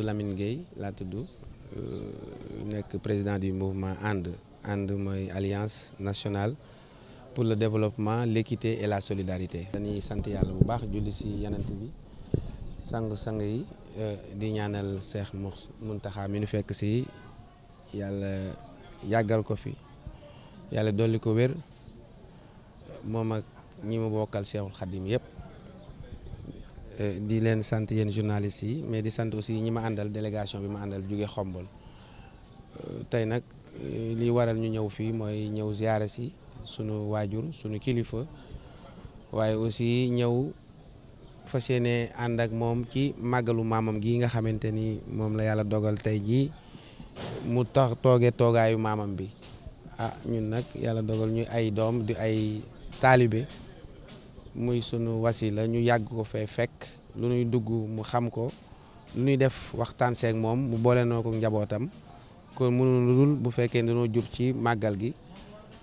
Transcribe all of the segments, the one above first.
Mamadou Lamine laa tudd euh, nekk président du mouvement ànd ànd mooy alliance nationale pour le développement l'équité et la solidarité. dañuy sant yàlla bu baax julli si yanant bi sang-sang yi euh, di ñaanal Cheikh Mountakha mi nu fekk si yàlla yàggal ko fi yàlla dolli ko wér moom ak ñi mu bokkal Cheikhul Khadim yëpp. Euh, di leen sant yéen journalistes yi mais di sant aussi ñi ma àndal délégation bi ma àndal jóge xombol euh, tey nag euh, lii waral ñu ñëw fii mooy ñëw ziare si sunu waajur sunu kilifa waaye aussi ñëw fas yéene ànd ak moom ci màggalu maamam gi nga xamante ni moom la yàlla dogal tey jii mu tax tooge toogaayu maamam bi ah ñun nag yàlla dogal ñu ay doom di ay taalibe muy sunu wasila ñu yàgg ko fee fekk lu ñuy dugg mu xam ko lu ñuy def waxtaan seeg moom mu boole noo ko njabootam kon mënu lu dul bu fekkee dañoo jub ci màggal gi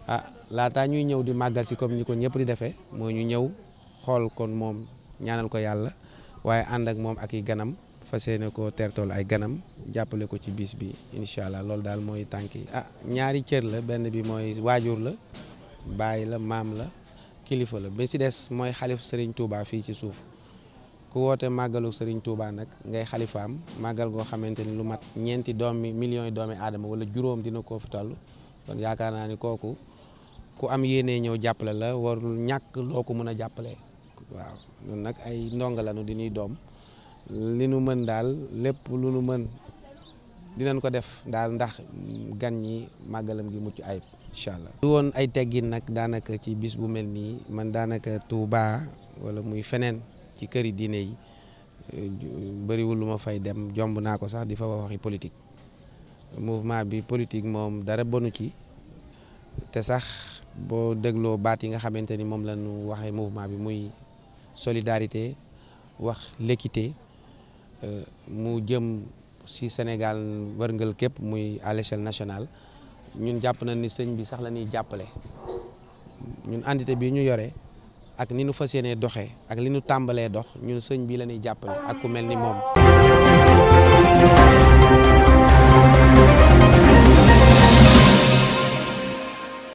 ah laataa ñuy ñëw di màggal si comme ni ko ñëpp di defee moo ñu ñëw xool kon moom ñaanal ko yàlla waaye ànd ak moom ak yi ganam fa yéene ko tertool ay ganam jàppale ko ci bis bi incha allah loolu daal mooy tànk yi ah ñaari cër la benn bi mooy waajur la bàyyi la maam la kilifa la ba si des mooy xalif Serigne Touba fii ci suuf ku woote màggalu Serigne Touba nag ngay xalifaam màggal goo xamante ni lu mat ñeenti doomi millions yi doomi aadama wala juróom dina ko fi toll kon yaakaar naa ni kooku ku am yéenee ñëw jàppale la warul ñàkk loo ko mën a jàppale waaw ñun nag ay ndongo lañu di doom li nu mën daal lépp lu nu mën dinañ ko def daal ndax gan ñi màggalam gi mucc ayib incha allah. du woon ay teggin nag daanaka ci bis bu mel nii man daanaka Touba wala muy feneen. ci këri diine yi euh, bëriwul lu ma fay dem jomb naa ko sax di fa waxi politique mouvement bi politique moom dara bonu ci te sax boo dégloo baat yi nga xamante ni moom la ñu waxee mouvement bi muy solidarité wax l'équité euh, mu jëm si Sénégal wërngal képp muy à l'échelle nationale ñun jàpp nañ ni sëñ bi sax la ñuy jàppale ñun entité bi ñu yore ak ni nu fa yéenee doxee ak li nu tàmbalee dox ñun sëñ bi la ñuy jàppale ak ku mel ni moom.